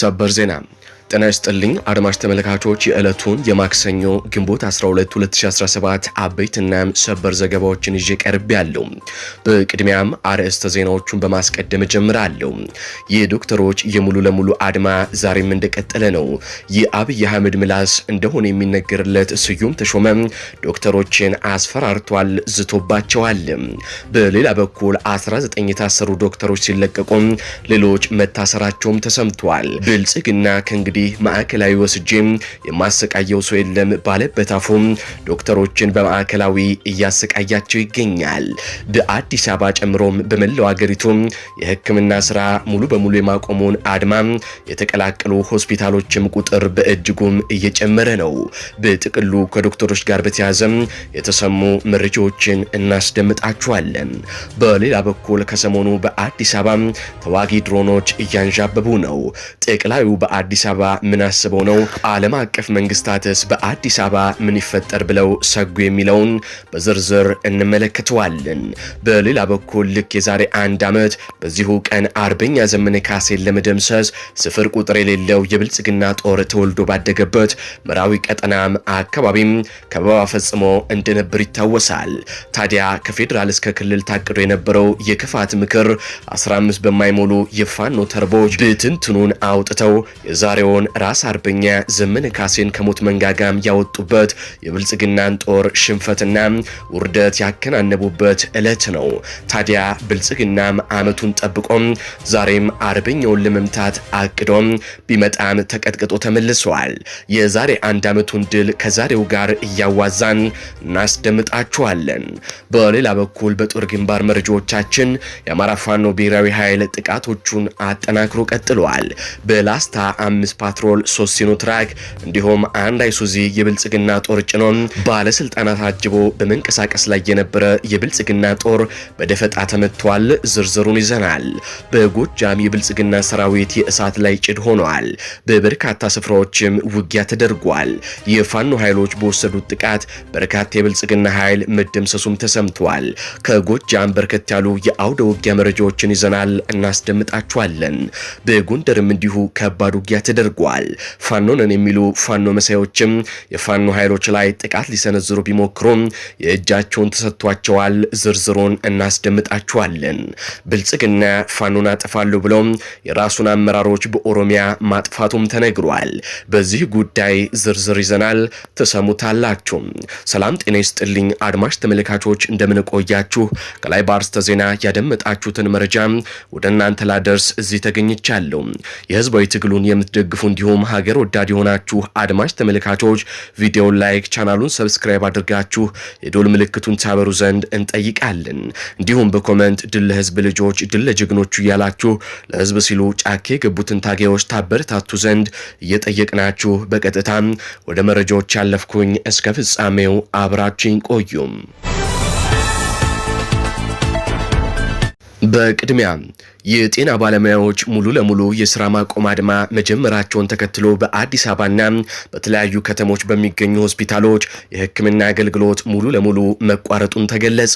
ሰበር ዜና ጤና ይስጥልኝ አድማጭ ተመልካቾች የዕለቱን የማክሰኞ ግንቦት 12 2017 አበይትና ሰበር ዘገባዎችን ይዤ ያለው። በቅድሚያም አርዕስተ ዜናዎቹን በማስቀደም እጀምራለሁ። የዶክተሮች የሙሉ ለሙሉ አድማ ዛሬም እንደቀጠለ ነው። የአብይ አህመድ ምላስ እንደሆነ የሚነገርለት ስዩም ተሾመ ዶክተሮችን አስፈራርቷል፣ ዝቶባቸዋል። በሌላ በኩል 19 የታሰሩ ዶክተሮች ሲለቀቁ ሌሎች መታሰራቸውም ተሰምቷል። ብልጽግና ከእንግዲህ እንግዲህ ማዕከላዊ ወስጄም የማሰቃየው ሰው የለም ባለበት አፉም ዶክተሮችን በማዕከላዊ እያሰቃያቸው ይገኛል። በአዲስ አበባ ጨምሮም በመላው አገሪቱ የህክምና ስራ ሙሉ በሙሉ የማቆሙን አድማ የተቀላቀሉ ሆስፒታሎችም ቁጥር በእጅጉም እየጨመረ ነው። በጥቅሉ ከዶክተሮች ጋር በተያያዘም የተሰሙ መረጃዎችን እናስደምጣችኋለን። በሌላ በኩል ከሰሞኑ በአዲስ አበባ ተዋጊ ድሮኖች እያንዣበቡ ነው። ጠቅላዩ በአዲስ አበባ ምን አስበው ነው? ዓለም አቀፍ መንግስታትስ በአዲስ አበባ ምን ይፈጠር ብለው ሰጉ የሚለውን በዝርዝር እንመለከተዋለን። በሌላ በኩል ልክ የዛሬ አንድ ዓመት በዚሁ ቀን አርበኛ ዘመነ ካሴን ለመደምሰስ ስፍር ቁጥር የሌለው የብልጽግና ጦር ተወልዶ ባደገበት ምራዊ ቀጠናም አካባቢም ከበባ ፈጽሞ እንደነበር ይታወሳል። ታዲያ ከፌዴራል እስከ ክልል ታቅዶ የነበረው የክፋት ምክር 15 በማይሞሉ የፋኖ ተርቦች ብትንትኑን አውጥተው የዛሬውን ሲሆን ራስ አርበኛ ዘመነ ካሴን ከሞት መንጋጋም ያወጡበት የብልጽግናን ጦር ሽንፈትና ውርደት ያከናነቡበት ዕለት ነው። ታዲያ ብልጽግናም ዓመቱን ጠብቆም ዛሬም አርበኛውን ለመምታት አቅዶም ቢመጣም ተቀጥቅጦ ተመልሰዋል። የዛሬ አንድ ዓመቱን ድል ከዛሬው ጋር እያዋዛን እናስደምጣችኋለን። በሌላ በኩል በጦር ግንባር መረጃዎቻችን የአማራ ፋኖ ብሔራዊ ኃይል ጥቃቶቹን አጠናክሮ ቀጥሏል። በላስታ አምስት ፓትሮል ሶስት ሲኖትራክ እንዲሁም አንድ አይሱዚ የብልጽግና ጦር ጭኖ ባለስልጣናት አጅቦ በመንቀሳቀስ ላይ የነበረ የብልጽግና ጦር በደፈጣ ተመቷል። ዝርዝሩን ይዘናል። በጎጃም የብልጽግና ሰራዊት የእሳት ላይ ጭድ ሆኗል። በበርካታ ስፍራዎችም ውጊያ ተደርጓል። የፋኖ ኃይሎች በወሰዱት ጥቃት በርካታ የብልጽግና ኃይል መደምሰሱም ተሰምቷል። ከጎጃም በርከት ያሉ የአውደ ውጊያ መረጃዎችን ይዘናል፣ እናስደምጣችኋለን። በጎንደርም እንዲሁ ከባድ ውጊያ ተደርጓል። አድርጓል። ፋኖንን የሚሉ ፋኖ መሳዮችም የፋኖ ኃይሎች ላይ ጥቃት ሊሰነዝሩ ቢሞክሩም የእጃቸውን ተሰጥቷቸዋል። ዝርዝሩን እናስደምጣችኋለን። ብልጽግና ፋኖን አጠፋለሁ ብለው የራሱን አመራሮች በኦሮሚያ ማጥፋቱም ተነግሯል። በዚህ ጉዳይ ዝርዝር ይዘናል፣ ተሰሙታላችሁ። ሰላም ጤና ይስጥልኝ አድማሽ ተመልካቾች፣ እንደምንቆያችሁ ከላይ በአርስተ ዜና ያደመጣችሁትን መረጃ ወደ እናንተ ላደርስ እዚህ ተገኝቻለሁ። የህዝባዊ ትግሉን የምትደግፉ እንዲሁም ሀገር ወዳድ የሆናችሁ አድማጭ ተመልካቾች ቪዲዮን ላይክ፣ ቻናሉን ሰብስክራይብ አድርጋችሁ የዶል ምልክቱን ታበሩ ዘንድ እንጠይቃለን። እንዲሁም በኮመንት ድል ለህዝብ ልጆች፣ ድል ለጀግኖቹ እያላችሁ ለህዝብ ሲሉ ጫካ የገቡትን ታጋዮች ታበረታቱ ዘንድ እየጠየቅናችሁ በቀጥታም ወደ መረጃዎች ያለፍኩኝ፣ እስከ ፍጻሜው አብራችኝ ቆዩም። በቅድሚያ የጤና ባለሙያዎች ሙሉ ለሙሉ የስራ ማቆም አድማ መጀመራቸውን ተከትሎ በአዲስ አበባና በተለያዩ ከተሞች በሚገኙ ሆስፒታሎች የሕክምና አገልግሎት ሙሉ ለሙሉ መቋረጡን ተገለጸ።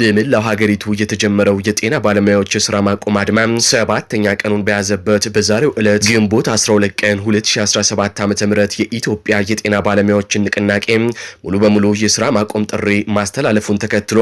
በመላው ሀገሪቱ የተጀመረው የጤና ባለሙያዎች የስራ ማቆም አድማ ሰባተኛ ቀኑን በያዘበት በዛሬው ዕለት ግንቦት 12 ቀን 2017 ዓ ም የኢትዮጵያ የጤና ባለሙያዎችን ንቅናቄ ሙሉ በሙሉ የስራ ማቆም ጥሪ ማስተላለፉን ተከትሎ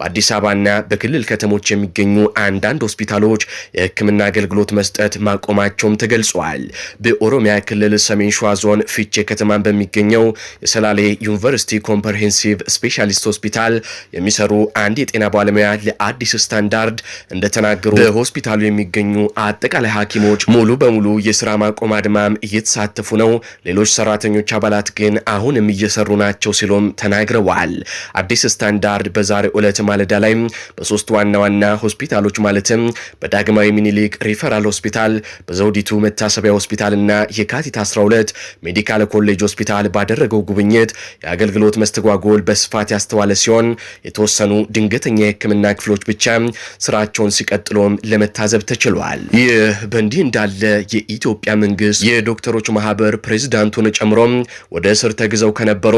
በአዲስ አበባና በክልል ከተሞች የሚገኙ አንዳንድ ሆስፒታሎች ሆስፒታሎች የህክምና አገልግሎት መስጠት ማቆማቸውም ተገልጿል። በኦሮሚያ ክልል ሰሜን ሸዋ ዞን ፊቼ ከተማን በሚገኘው የሰላሌ ዩኒቨርሲቲ ኮምፕሬሄንሲቭ ስፔሻሊስት ሆስፒታል የሚሰሩ አንድ የጤና ባለሙያ ለአዲስ ስታንዳርድ እንደተናገሩ በሆስፒታሉ የሚገኙ አጠቃላይ ሐኪሞች ሙሉ በሙሉ የስራ ማቆም አድማም እየተሳተፉ ነው። ሌሎች ሰራተኞች አባላት ግን አሁንም እየሰሩ ናቸው ሲሉም ተናግረዋል። አዲስ ስታንዳርድ በዛሬ ዕለት ማለዳ ላይ በሶስት ዋና ዋና ሆስፒታሎች ማለትም በዳግማዊ ሚኒሊክ ሪፈራል ሆስፒታል፣ በዘውዲቱ መታሰቢያ ሆስፒታልና የካቲት 12 ሜዲካል ኮሌጅ ሆስፒታል ባደረገው ጉብኝት የአገልግሎት መስተጓጎል በስፋት ያስተዋለ ሲሆን የተወሰኑ ድንገተኛ የህክምና ክፍሎች ብቻ ስራቸውን ሲቀጥሎም ለመታዘብ ተችሏል። ይህ በእንዲህ እንዳለ የኢትዮጵያ መንግስት የዶክተሮች ማህበር ፕሬዚዳንቱን ጨምሮ ወደ እስር ተግዘው ከነበሩ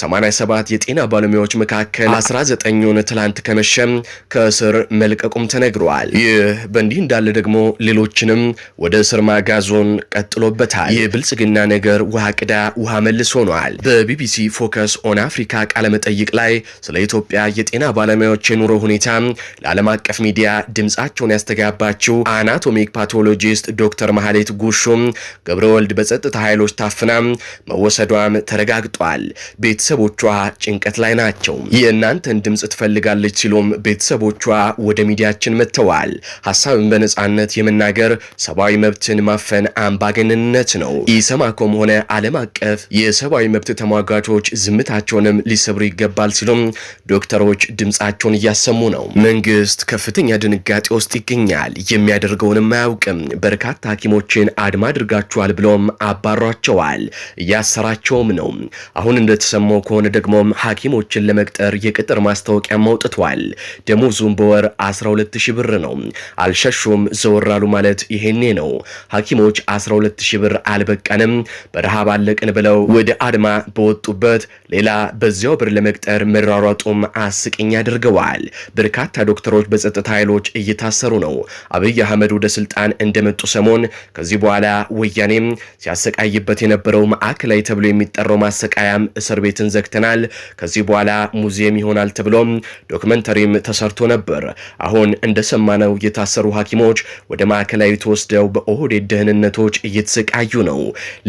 87 የጤና ባለሙያዎች መካከል 19ኙን ትላንት ከመሸም ከእስር መልቀቁም ተነግሯል። ይህ ይህ በእንዲህ እንዳለ ደግሞ ሌሎችንም ወደ እስር ማጋዞን ቀጥሎበታል። የብልጽግና ነገር ውሃ ቅዳ ውሃ መልስ ሆኗል። በቢቢሲ ፎከስ ኦን አፍሪካ ቃለመጠይቅ ላይ ስለ ኢትዮጵያ የጤና ባለሙያዎች የኑሮ ሁኔታ ለዓለም አቀፍ ሚዲያ ድምፃቸውን ያስተጋባችው አናቶሚክ ፓቶሎጂስት ዶክተር መሐሌት ጉሹም ገብረ ወልድ በጸጥታ ኃይሎች ታፍና መወሰዷም ተረጋግጧል። ቤተሰቦቿ ጭንቀት ላይ ናቸው። የእናንተን ድምፅ ትፈልጋለች ሲሉም ቤተሰቦቿ ወደ ሚዲያችን መጥተዋል። ሀሳብን በነጻነት የመናገር ሰብአዊ መብትን ማፈን አምባገነንነት ነው። ኢሰማኮም ሆነ ዓለም አቀፍ የሰብአዊ መብት ተሟጋቾች ዝምታቸውንም ሊሰብሩ ይገባል ሲሉም ዶክተሮች ድምፃቸውን እያሰሙ ነው። መንግስት ከፍተኛ ድንጋጤ ውስጥ ይገኛል። የሚያደርገውንም አያውቅም። በርካታ ሐኪሞችን አድማ አድርጋችኋል ብሎም አባሯቸዋል። እያሰራቸውም ነው። አሁን እንደተሰማው ከሆነ ደግሞም ሐኪሞችን ለመቅጠር የቅጥር ማስታወቂያ አውጥቷል። ደሞዙም በወር 12000 ብር ነው። አልሸሹም፣ ዘወር አሉ ማለት ይሄኔ ነው። ሐኪሞች 12 ብር አልበቀንም፣ በረሃብ አለቅን ብለው ወደ አድማ በወጡበት ሌላ በዚያው ብር ለመቅጠር መሯሯጡም አስቂኝ አድርገዋል። በርካታ ዶክተሮች በጸጥታ ኃይሎች እየታሰሩ ነው። አብይ አህመድ ወደ ስልጣን እንደመጡ ሰሞን ከዚህ በኋላ ወያኔም ሲያሰቃይበት የነበረው ማዕከላዊ ተብሎ የሚጠራው ማሰቃያም እስር ቤትን ዘግተናል፣ ከዚህ በኋላ ሙዚየም ይሆናል ተብሎም ዶክመንተሪም ተሰርቶ ነበር። አሁን እንደሰማነው የታ የታሰሩ ሐኪሞች ወደ ማዕከላዊ ተወስደው በኦህዴድ ደህንነቶች እየተሰቃዩ ነው።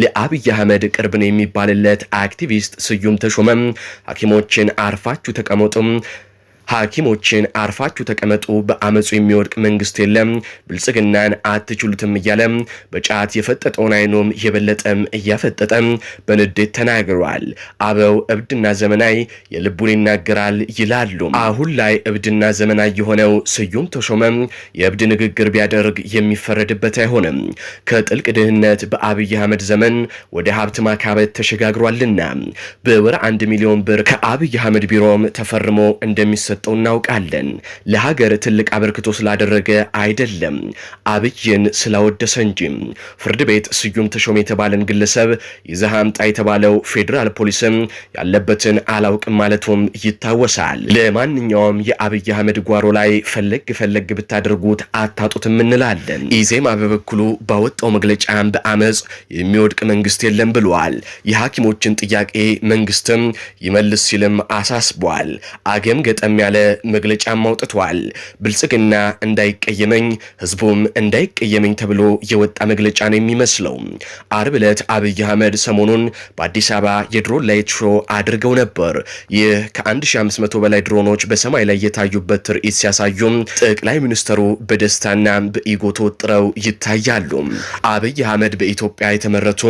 ለአብይ አህመድ ቅርብ ነው የሚባልለት አክቲቪስት ስዩም ተሾመም ሐኪሞችን አርፋችሁ ተቀመጡም ሐኪሞችን አርፋችሁ ተቀመጡ፣ በአመፁ የሚወድቅ መንግስት የለም፣ ብልጽግናን አትችሉትም እያለ በጫት የፈጠጠውን አይኖም የበለጠም እያፈጠጠም በንዴት ተናግሯል። አበው እብድና ዘመናዊ የልቡን ይናገራል ይላሉ። አሁን ላይ እብድና ዘመናዊ የሆነው ስዩም ተሾመም የእብድ ንግግር ቢያደርግ የሚፈረድበት አይሆንም። ከጥልቅ ድህነት በአብይ አህመድ ዘመን ወደ ሀብት ማካበት ተሸጋግሯልና በወር አንድ ሚሊዮን ብር ከአብይ አህመድ ቢሮም ተፈርሞ እንደሚሰ እንደሰጠው እናውቃለን። ለሀገር ትልቅ አበርክቶ ስላደረገ አይደለም አብይን ስላወደሰ እንጂ። ፍርድ ቤት ስዩም ተሾመ የተባለን ግለሰብ ይዘህ አምጣ የተባለው ፌዴራል ፖሊስም ያለበትን አላውቅም ማለቱም ይታወሳል። ለማንኛውም የአብይ አህመድ ጓሮ ላይ ፈለግ ፈለግ ብታደርጉት አታጡትም እንላለን። ኢዜማ በበኩሉ ባወጣው መግለጫ በአመፅ የሚወድቅ መንግስት የለም ብሏል። የሐኪሞችን ጥያቄ መንግስትም ይመልስ ሲልም አሳስቧል። አገም ገጠሚያ ያለ መግለጫም አውጥቷል። ብልጽግና እንዳይቀየመኝ ህዝቡም እንዳይቀየመኝ ተብሎ የወጣ መግለጫ ነው የሚመስለው። አርብ ዕለት አብይ አህመድ ሰሞኑን በአዲስ አበባ የድሮን ላይት ሾ አድርገው ነበር። ይህ ከ1500 በላይ ድሮኖች በሰማይ ላይ የታዩበት ትርኢት ሲያሳዩም ጠቅላይ ሚኒስትሩ በደስታና በኢጎ ተወጥረው ይታያሉ። አብይ አህመድ በኢትዮጵያ የተመረቱ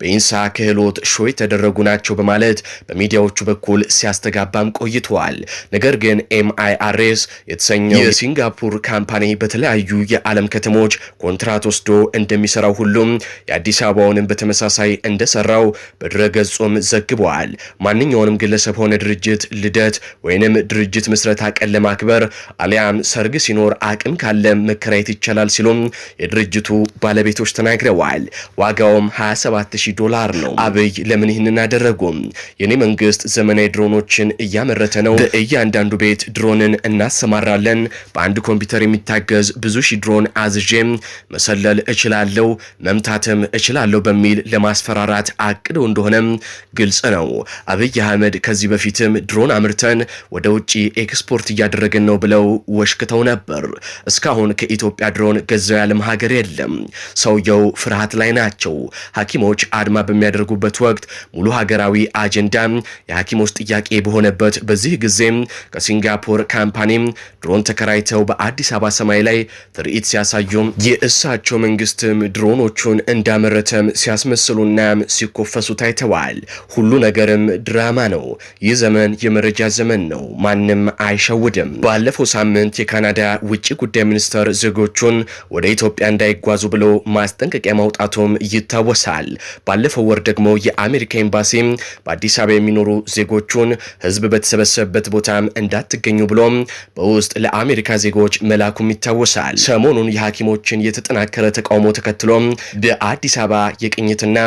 በኢንሳ ክህሎት ሾ የተደረጉ ናቸው በማለት በሚዲያዎቹ በኩል ሲያስተጋባም ቆይተዋል። ነገር ግን ኤምአይአርኤስ የተሰኘው የሲንጋፖር ካምፓኒ በተለያዩ የዓለም ከተሞች ኮንትራት ወስዶ እንደሚሰራው ሁሉም የአዲስ አበባውንም በተመሳሳይ እንደሰራው በድረገጹም ዘግበዋል። ማንኛውንም ግለሰብ ሆነ ድርጅት ልደት ወይንም ድርጅት ምስረታ ቀን ለማክበር አሊያም ሰርግ ሲኖር አቅም ካለ መከራየት ይቻላል ሲሉም የድርጅቱ ባለቤቶች ተናግረዋል። ዋጋውም 270 ዶላር ነው። አብይ ለምን ይህንን አደረጉም? የኔ መንግስት ዘመናዊ ድሮኖችን እያመረተ ነው። በእያንዳንዱ ቤት ሌሊት ድሮንን እናሰማራለን። በአንድ ኮምፒውተር የሚታገዝ ብዙ ሺ ድሮን አዝዤም መሰለል እችላለሁ፣ መምታትም እችላለሁ በሚል ለማስፈራራት አቅደው እንደሆነም ግልጽ ነው። አብይ አህመድ ከዚህ በፊትም ድሮን አምርተን ወደ ውጭ ኤክስፖርት እያደረግን ነው ብለው ወሽክተው ነበር። እስካሁን ከኢትዮጵያ ድሮን ገዛው ያለም ሀገር የለም። ሰውየው ፍርሃት ላይ ናቸው። ሐኪሞች አድማ በሚያደርጉበት ወቅት ሙሉ ሀገራዊ አጀንዳ የሐኪሞች ጥያቄ በሆነበት በዚህ ጊዜም ከሲ የሲንጋፖር ካምፓኒም ድሮን ተከራይተው በአዲስ አበባ ሰማይ ላይ ትርኢት ሲያሳዩም የእሳቸው መንግስትም ድሮኖቹን እንዳመረተም ሲያስመስሉናም ሲኮፈሱ ታይተዋል። ሁሉ ነገርም ድራማ ነው። ይህ ዘመን የመረጃ ዘመን ነው። ማንም አይሸውድም። ባለፈው ሳምንት የካናዳ ውጭ ጉዳይ ሚኒስተር ዜጎቹን ወደ ኢትዮጵያ እንዳይጓዙ ብሎ ማስጠንቀቂያ ማውጣቱም ይታወሳል። ባለፈው ወር ደግሞ የአሜሪካ ኤምባሲ በአዲስ አበባ የሚኖሩ ዜጎቹን ህዝብ በተሰበሰበበት ቦታም እንዳ እንዳትገኙ ብሎም በውስጥ ለአሜሪካ ዜጎች መላኩም ይታወሳል። ሰሞኑን የሐኪሞችን የተጠናከረ ተቃውሞ ተከትሎ በአዲስ አበባ የቅኝትና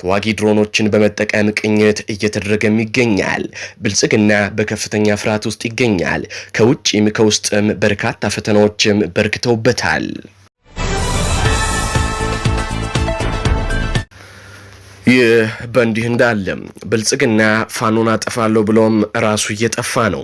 ተዋጊ ድሮኖችን በመጠቀም ቅኝት እየተደረገም ይገኛል። ብልጽግና በከፍተኛ ፍርሃት ውስጥ ይገኛል። ከውጭም ከውስጥም በርካታ ፈተናዎችም በርክተውበታል። ይህ በእንዲህ እንዳለ ብልጽግና ፋኖን አጠፋለሁ ብሎም ራሱ እየጠፋ ነው።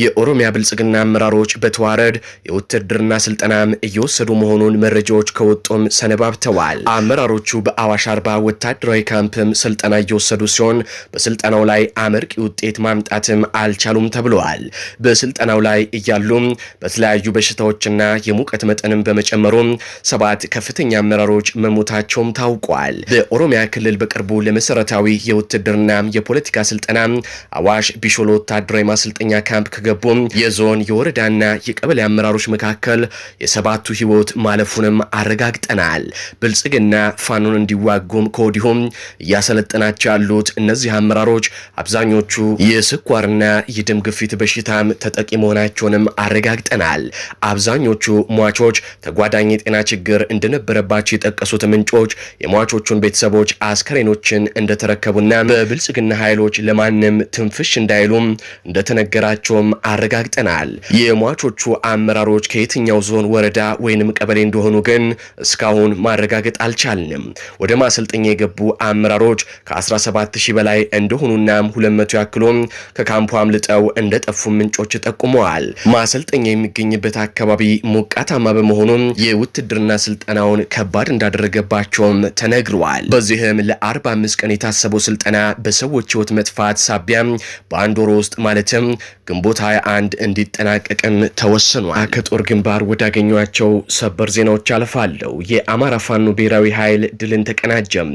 የኦሮሚያ ብልጽግና አመራሮች በተዋረድ የውትድርና ስልጠናም እየወሰዱ መሆኑን መረጃዎች ከወጡም ሰነባብተዋል። አመራሮቹ በአዋሽ አርባ ወታደራዊ ካምፕም ስልጠና እየወሰዱ ሲሆን በስልጠናው ላይ አመርቂ ውጤት ማምጣትም አልቻሉም ተብለዋል። በስልጠናው ላይ እያሉም በተለያዩ በሽታዎችና የሙቀት መጠንም በመጨመሩም ሰባት ከፍተኛ አመራሮች መሞታቸውም ታውቋል። በኦሮሚያ ክልል በቅርቡ ለመሰረታዊ የውትድርና የፖለቲካ ስልጠና አዋሽ ቢሾሎ ወታደራዊ ማሰልጠኛ ካምፕ ከገቡ የዞን የወረዳና የቀበሌ አመራሮች መካከል የሰባቱ ህይወት ማለፉንም አረጋግጠናል። ብልጽግና ፋኖን እንዲዋጉም ከወዲሁም እያሰለጠናቸው ያሉት እነዚህ አመራሮች አብዛኞቹ የስኳርና የደም ግፊት በሽታም ተጠቂ መሆናቸውንም አረጋግጠናል። አብዛኞቹ ሟቾች ተጓዳኝ የጤና ችግር እንደነበረባቸው የጠቀሱት ምንጮች የሟቾቹን ቤተሰቦች አስከሬን መኮንኖችን እንደተረከቡና በብልጽግና ኃይሎች ለማንም ትንፍሽ እንዳይሉም እንደተነገራቸውም አረጋግጠናል። የሟቾቹ አመራሮች ከየትኛው ዞን፣ ወረዳ ወይንም ቀበሌ እንደሆኑ ግን እስካሁን ማረጋገጥ አልቻልንም። ወደ ማሰልጠኛ የገቡ አመራሮች ከ17000 በላይ እንደሆኑና 200 ያክሉም ከካምፑ አምልጠው እንደጠፉ ምንጮች ጠቁመዋል። ማሰልጠኛ የሚገኝበት አካባቢ ሞቃታማ በመሆኑም የውትድርና ስልጠናውን ከባድ እንዳደረገባቸውም ተነግረዋል። በዚህም አርባ አምስት ቀን የታሰበው ስልጠና በሰዎች ህይወት መጥፋት ሳቢያ በአንድ ወር ውስጥ ማለትም ግንቦት 21 እንዲጠናቀቅም ተወስኗል። ከጦር ግንባር ወዳገኟቸው ሰበር ዜናዎች አልፋለሁ። የአማራ ፋኖ ብሔራዊ ኃይል ድልን ተቀናጀም።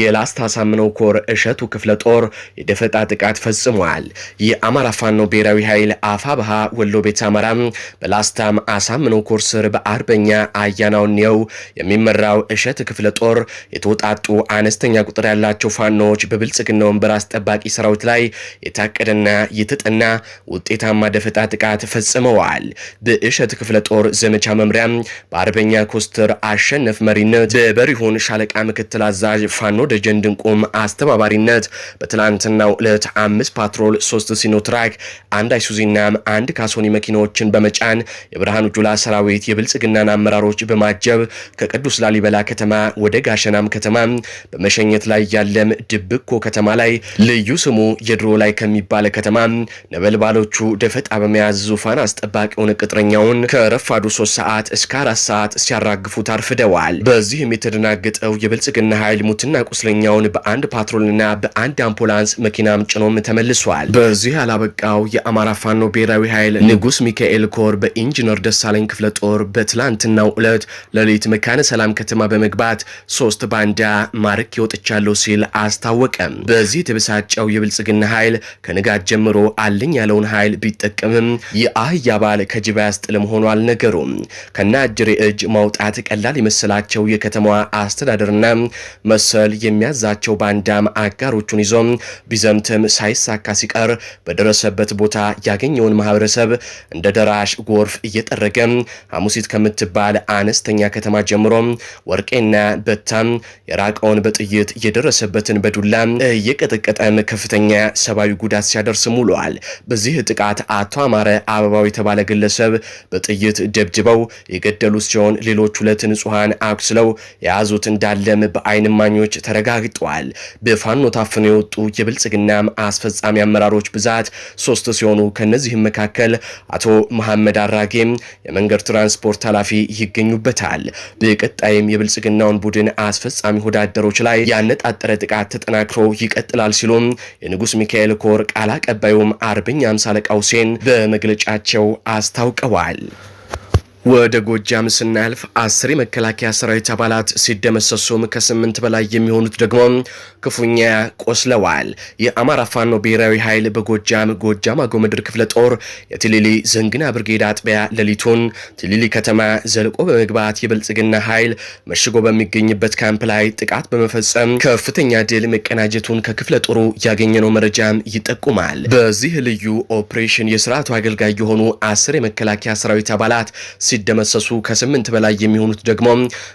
የላስታ ሳምነው ኮር እሸቱ ክፍለ ጦር የደፈጣ ጥቃት ፈጽሟል። የአማራ ፋኖ ብሔራዊ ኃይል አፋ ባሃ ወሎ ቤት አማራ በላስታም አሳምነው ኮር ስር በአርበኛ የው የሚመራው እሸት ክፍለ ጦር የተውጣጡ አነስተኛ ቁጥር ያላቸው ፋኖዎች በብልጽግና ወንበር አስጠባቂ ሰራዊት ላይ የታቀደና የተጠና ውጤታማ ደፈጣ ጥቃት ፈጽመዋል። በእሸት ክፍለ ጦር ዘመቻ መምሪያም በአርበኛ ኮስተር አሸነፍ መሪነት በበሪሁን ሻለቃ ምክትል አዛዥ ፋኖ ደጀን ድንቁም አስተባባሪነት በትላንትናው ዕለት አምስት ፓትሮል፣ ሶስት ሲኖትራክ፣ አንድ አይሱዚና አንድ ካሶኒ መኪናዎችን በመጫን የብርሃኑ ጁላ ሰራዊት የብልጽግናን አመራሮች በማጀብ ከቅዱስ ላሊበላ ከተማ ወደ ጋሸናም ከተማ በመሸኛ በመቃኘት ላይ ያለም ድብኮ ከተማ ላይ ልዩ ስሙ የድሮ ላይ ከሚባለ ከተማ ነበልባሎቹ ደፈጣ በመያዝ ዙፋን አስጠባቂውን ቅጥረኛውን ከረፋዱ ሶስት ሰዓት እስከ አራት ሰዓት ሲያራግፉ ታርፍደዋል። በዚህም የተደናገጠው የብልጽግና ኃይል ሙትና ቁስለኛውን በአንድ ፓትሮልና በአንድ አምቡላንስ መኪናም ጭኖም ተመልሷል። በዚህ ያላበቃው የአማራ ፋኖ ብሔራዊ ኃይል ንጉስ ሚካኤል ኮር በኢንጂነር ደሳለኝ ክፍለ ጦር በትላንትናው ዕለት ሌሊት መካነ ሰላም ከተማ በመግባት ሶስት ባንዳ ማርክ ይወጥ ተነስቻለሁ ሲል አስታወቀ። በዚህ የተበሳጨው የብልጽግና ኃይል ከንጋት ጀምሮ አለኝ ያለውን ኃይል ቢጠቀምም የአህያ ባል ከጅባ ያስጥልም ሆኖ አልነገሩም። ከነ እጅ ማውጣት ቀላል የመሰላቸው የከተማዋ አስተዳደርና መሰል የሚያዛቸው ባንዳም አጋሮቹን ይዞ ቢዘምትም ሳይሳካ ሲቀር በደረሰበት ቦታ ያገኘውን ማህበረሰብ እንደ ደራሽ ጎርፍ እየጠረገ ሐሙሲት ከምትባል አነስተኛ ከተማ ጀምሮ ወርቄና በታም የራቀውን በጥይት የደረሰበትን በዱላ እየቀጠቀጠም ከፍተኛ ሰብአዊ ጉዳት ሲያደርስም ውለዋል። በዚህ ጥቃት አቶ አማረ አበባው የተባለ ግለሰብ በጥይት ደብድበው የገደሉት ሲሆን ሌሎች ሁለት ንጹሐን አቁስለው የያዙት እንዳለም በአይን ማኞች ተረጋግጠዋል። በፋኖ ታፍነው የወጡ የብልጽግና አስፈጻሚ አመራሮች ብዛት ሶስት ሲሆኑ ከእነዚህም መካከል አቶ መሐመድ አራጌም የመንገድ ትራንስፖርት ኃላፊ ይገኙበታል። በቀጣይም የብልጽግናውን ቡድን አስፈጻሚ ወዳደሮች ላይ ያነጣጠረ ጥቃት ተጠናክሮ ይቀጥላል ሲሉም የንጉስ ሚካኤል ኮር ቃል አቀባዩም አርበኛ አምሳ አለቃ ሁሴን በመግለጫቸው አስታውቀዋል። ወደ ጎጃም ስናልፍ አስር የመከላከያ ሰራዊት አባላት ሲደመሰሱም ከስምንት በላይ የሚሆኑት ደግሞ ክፉኛ ቆስለዋል። የአማራ ፋኖ ብሔራዊ ኃይል በጎጃም ጎጃም አጎምድር ክፍለ ጦር የትሊሊ ዘንግና ብርጌድ አጥቢያ ሌሊቱን ትሊሊ ከተማ ዘልቆ በመግባት የብልጽግና ኃይል መሽጎ በሚገኝበት ካምፕ ላይ ጥቃት በመፈጸም ከፍተኛ ድል መቀናጀቱን ከክፍለ ጦሩ ያገኘነው መረጃም ይጠቁማል። በዚህ ልዩ ኦፕሬሽን የስርዓቱ አገልጋይ የሆኑ አስር የመከላከያ ሰራዊት አባላት ሲደመሰሱ ከስምንት በላይ የሚሆኑት ደግሞ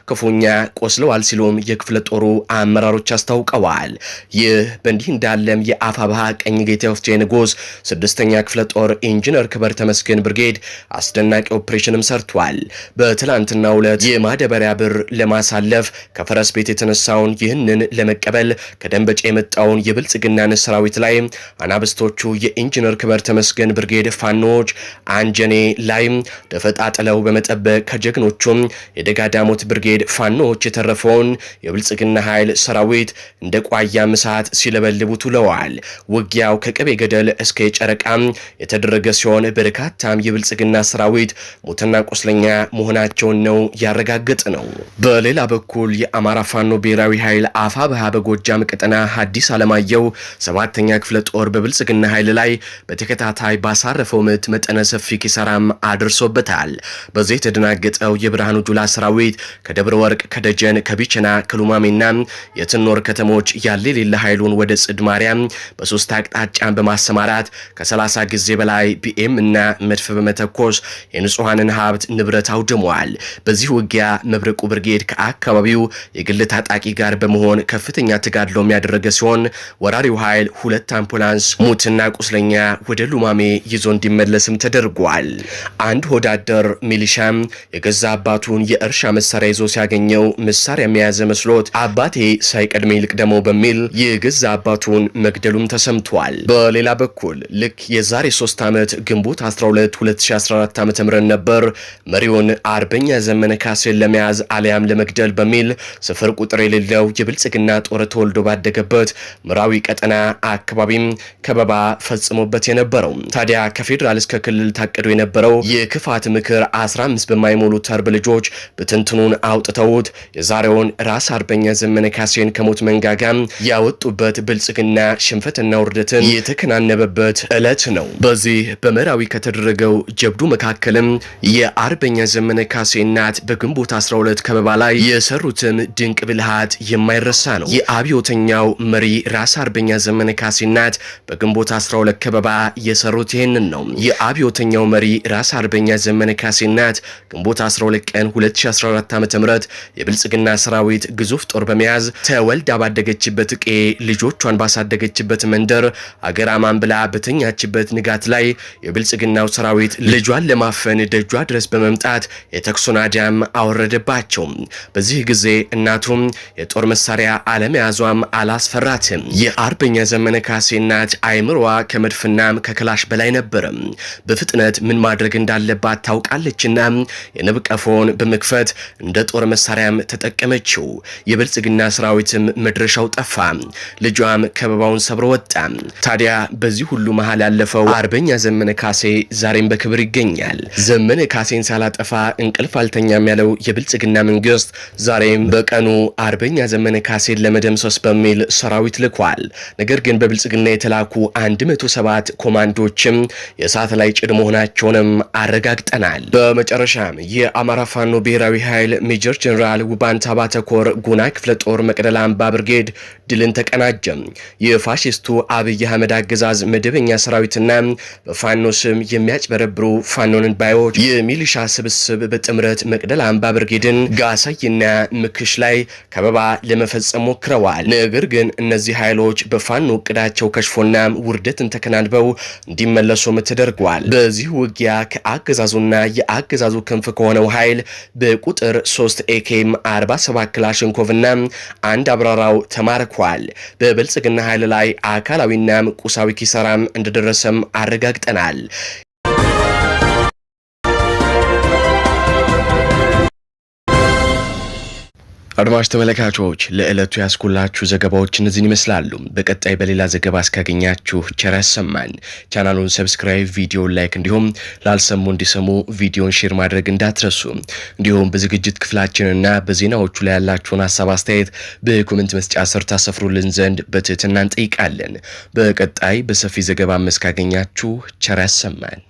ክፉኛ ቆስለዋል ሲሉም የክፍለ ጦሩ አመራሮች አስታውቀዋል። ይህ በእንዲህ እንዳለም የአፋብሃ ቀኝ ጌታ ወፍቴ ንጉስ ስድስተኛ ክፍለ ጦር ኢንጂነር ክበር ተመስገን ብርጌድ አስደናቂ ኦፕሬሽንም ሰርቷል። በትላንትና ዕለት የማደበሪያ ብር ለማሳለፍ ከፈረስ ቤት የተነሳውን ይህንን ለመቀበል ከደንበጭ የመጣውን የብልጽግናን ሰራዊት ላይ አናብስቶቹ የኢንጂነር ክበር ተመስገን ብርጌድ ፋኖች አንጀኔ ላይ ደፈጣ ጥለው በመጠበቅ ከጀግኖቹም የደጋዳሞት ብርጌድ ፋኖዎች የተረፈውን የብልጽግና ኃይል ሰራዊት እንደ ቋያም ምሳት ሲለበልቡት ውለዋል። ውጊያው ከቅቤ ገደል እስከ ጨረቃም የተደረገ ሲሆን በርካታም የብልጽግና ሰራዊት ሞትና ቁስለኛ መሆናቸውን ነው ያረጋገጠ ነው። በሌላ በኩል የአማራ ፋኖ ብሔራዊ ኃይል አፋ በሃ በጎጃም ቀጠና ሐዲስ ዓለማየሁ ሰባተኛ ክፍለ ጦር በብልጽግና ኃይል ላይ በተከታታይ ባሳረፈው ምት መጠነ ሰፊ ኪሳራም አድርሶበታል። በዚህ የተደናገጠው የብርሃኑ ጁላ ሰራዊት ከደብረ ወርቅ፣ ከደጀን፣ ከቢቸና፣ ከሉማሜና የትኖር ከተሞች ያለ የሌለ ኃይሉን ወደ ጽድ ማርያም በሶስት አቅጣጫን በማሰማራት ከ30 ጊዜ በላይ ቢኤም እና መድፍ በመተኮስ የንጹሐንን ሀብት ንብረት አውድመዋል። በዚህ ውጊያ መብረቁ ብርጌድ ከአካባቢው የግል ታጣቂ ጋር በመሆን ከፍተኛ ተጋድሎ የሚያደረገ ሲሆን ወራሪው ኃይል ሁለት አምቡላንስ ሙትና ቁስለኛ ወደ ሉማሜ ይዞ እንዲመለስም ተደርጓል። አንድ ወዳደር ሚሊ ሚሊሻ የገዛ አባቱን የእርሻ መሳሪያ ይዞ ሲያገኘው መሳሪያ የያዘ መስሎት አባቴ ይልቅ ደግሞ በሚል የገዛ አባቱን መግደሉም ተሰምቷል። በሌላ በኩል ልክ የዛሬ 3 ዓመት ግንቦት 12 2014 ዓ.ም ነበር መሪውን አርበኛ ዘመነ ካሴን ለመያዝ አሊያም ለመግደል በሚል ስፍር ቁጥር የሌለው የብልጽግና ጦር ተወልዶ ባደገበት ምራዊ ቀጠና አካባቢም ከበባ ፈጽሞበት የነበረው ታዲያ ከፌዴራል እስከ ክልል ታቅዶ የነበረው የክፋት ምክር 15 በማይሞሉ ተርብ ልጆች ብትንትኑን አውጥተውት የዛሬውን ራስ አርበኛ ዘመነ ካሴን ከሞት መንጋጋም ያወጡበት ብልጽግና ሽንፈትና ውርደትን የተከናነበበት ዕለት ነው። በዚህ በመራዊ ከተደረገው ጀብዱ መካከልም የአርበኛ ዘመነ ካሴ እናት በግንቦት 12 ከበባ ላይ የሰሩትም ድንቅ ብልሃት የማይረሳ ነው። የአብዮተኛው መሪ ራስ አርበኛ ዘመነ ካሴ እናት በግንቦት 12 ከበባ የሰሩት ይህንን ነው። የአብዮተኛው መሪ ራስ አርበኛ ዘመነ ካሴ አማካኝነት ግንቦት 12 ቀን 2014 ዓ.ም የብልጽግና ሰራዊት ግዙፍ ጦር በመያዝ ተወልዳ ባደገችበት ቄ ልጆቿን ባሳደገችበት መንደር አገር አማን ብላ በተኛችበት ንጋት ላይ የብልጽግናው ሰራዊት ልጇን ለማፈን ደጇ ድረስ በመምጣት የተኩስ ናዳም አወረደባቸው። በዚህ ጊዜ እናቱም የጦር መሳሪያ አለመያዟም አላስፈራትም። የአርበኛ ዘመነ ካሴ እናት አይምሯ ከመድፍናም ከክላሽ በላይ ነበረ። በፍጥነት ምን ማድረግ እንዳለባት ታውቃለች ተኮሰችና የንብ ቀፎን በመክፈት እንደ ጦር መሳሪያም ተጠቀመችው። የብልጽግና ሰራዊትም መድረሻው ጠፋ። ልጇም ከበባውን ሰብሮ ወጣ። ታዲያ በዚህ ሁሉ መሃል ያለፈው አርበኛ ዘመነ ካሴ ዛሬም በክብር ይገኛል። ዘመነ ካሴን ሳላጠፋ እንቅልፍ አልተኛም ያለው የብልጽግና መንግስት ዛሬም በቀኑ አርበኛ ዘመነ ካሴን ለመደምሰስ በሚል ሰራዊት ልኳል። ነገር ግን በብልጽግና የተላኩ 107 ኮማንዶችም የእሳት ላይ ጭድ መሆናቸውንም አረጋግጠናል። በመጨረሻም የአማራ ፋኖ ብሔራዊ ኃይል ሜጀር ጀኔራል ውባንታ ባተኮር ጉና ክፍለ ጦር መቅደላ አምባ ብርጌድ ድልን ተቀናጀ። የፋሽስቱ አብይ አህመድ አገዛዝ መደበኛ ሰራዊትና በፋኖ ስም የሚያጭበረብሩ ፋኖንን ባዮች የሚሊሻ ስብስብ በጥምረት መቅደላ አምባ ብርጌድን ጋሳይና ምክሽ ላይ ከበባ ለመፈጸም ሞክረዋል። ነገር ግን እነዚህ ኃይሎች በፋኖ እቅዳቸው ከሽፎና ውርደትን ተከናንበው እንዲመለሱም ተደርጓል። በዚህ ውጊያ ከአገዛዙና የአ የአገዛዙ ክንፍ ከሆነው ኃይል በቁጥር 3 ኤኬም 47 ክላሽንኮቭና አንድ አብራራው ተማርኳል። በብልጽግና ኃይል ላይ አካላዊና ቁሳዊ ኪሰራም እንደደረሰም አረጋግጠናል። አድማጭ ተመለካቾች ለዕለቱ ያስኩላችሁ ዘገባዎች እነዚህን ይመስላሉ። በቀጣይ በሌላ ዘገባ እስካገኛችሁ ቸር ያሰማን። ቻናሉን ሰብስክራይብ፣ ቪዲዮን ላይክ እንዲሁም ላልሰሙ እንዲሰሙ ቪዲዮን ሼር ማድረግ እንዳትረሱ። እንዲሁም በዝግጅት ክፍላችንና በዜናዎቹ ላይ ያላችሁን ሀሳብ አስተያየት በኮመንት መስጫ ስር ታሰፍሩልን ዘንድ በትህትና እንጠይቃለን። በቀጣይ በሰፊ ዘገባ እስካገኛችሁ ቸር ያሰማን።